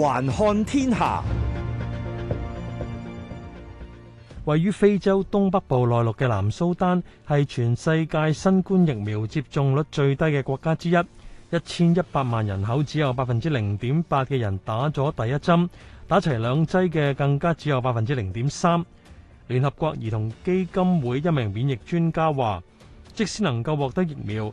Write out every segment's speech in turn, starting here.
環看天下，位於非洲東北部內陸嘅南蘇丹，係全世界新冠疫苗接種率最低嘅國家之一。一千一百萬人口只有百分之零點八嘅人打咗第一針，打齊兩劑嘅更加只有百分之零點三。聯合國兒童基金會一名免疫專家話，即使能夠獲得疫苗。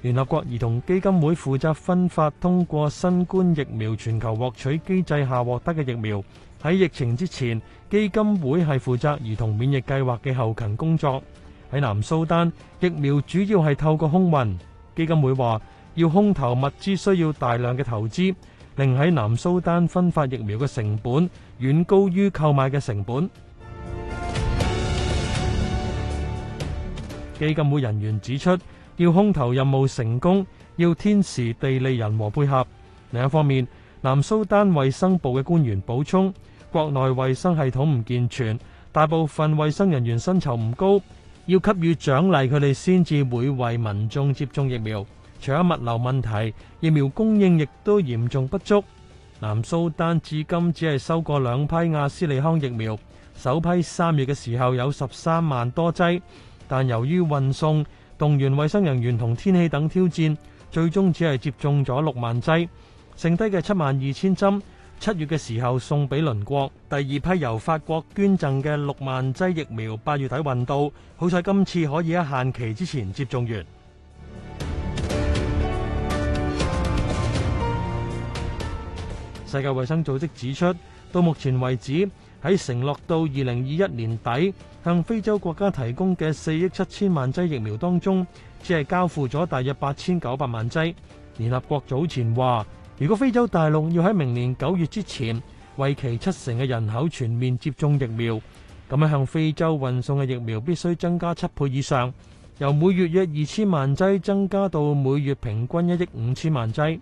聯合國兒童基金會負責分發通過新冠疫苗全球獲取機制下獲得嘅疫苗。喺疫情之前，基金會係負責兒童免疫計劃嘅後勤工作。喺南蘇丹，疫苗主要係透過空運。基金會話要空投物資需要大量嘅投資，令喺南蘇丹分發疫苗嘅成本遠高於購買嘅成本。基金會人員指出。要空投任務成功，要天時地利人和配合。另一方面，南蘇丹衛生部嘅官員補充，國內衛生系統唔健全，大部分衛生人員薪酬唔高，要給予獎勵佢哋先至會為民眾接種疫苗。除咗物流問題，疫苗供應亦都嚴重不足。南蘇丹至今只係收過兩批亞斯利康疫苗，首批三月嘅時候有十三萬多劑，但由於運送動員衛生人員同天氣等挑戰，最終只係接種咗六萬劑，剩低嘅七萬二千針，七月嘅時候送俾鄰國。第二批由法國捐贈嘅六萬劑疫苗，八月底運到，好彩今次可以喺限期之前接種完。世界衛生組織指出，到目前為止。喺承諾到二零二一年底向非洲國家提供嘅四億七千萬劑疫苗當中，只係交付咗大約八千九百萬劑。聯合國早前話，如果非洲大陸要喺明年九月之前為其七成嘅人口全面接種疫苗，咁樣向非洲運送嘅疫苗必須增加七倍以上，由每月約二千萬劑增加到每月平均一億五千萬劑。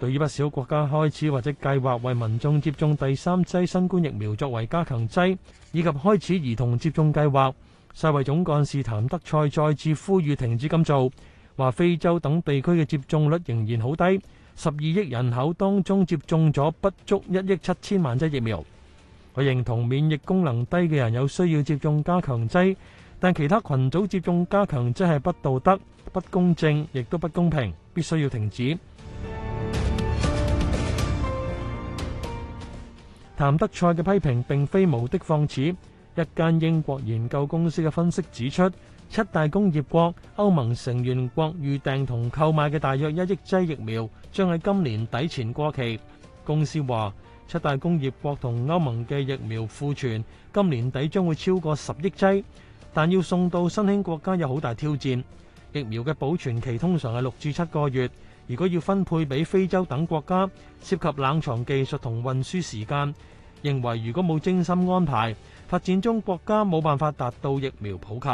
對於不少國家開始或者計劃為民眾接種第三劑新冠疫苗作為加強劑，以及開始兒童接種計劃，世衛總幹事譚德塞再次呼籲停止咁做，話非洲等地區嘅接種率仍然好低，十二億人口當中接種咗不足一億七千萬劑疫苗。佢認同免疫功能低嘅人有需要接種加強劑，但其他群組接種加強劑係不道德、不公正，亦都不公平，必須要停止。譚德塞嘅批評並非無的放矢。一間英國研究公司嘅分析指出，七大工業國、歐盟成員國預訂同購買嘅大約一億劑疫苗，將喺今年底前過期。公司話，七大工業國同歐盟嘅疫苗庫存今年底將會超過十億劑，但要送到新興國家有好大挑戰。疫苗嘅保存期通常係六至七個月。如果要分配俾非洲等國家，涉及冷藏技術同運輸時間，認為如果冇精心安排，發展中國家冇辦法達到疫苗普及。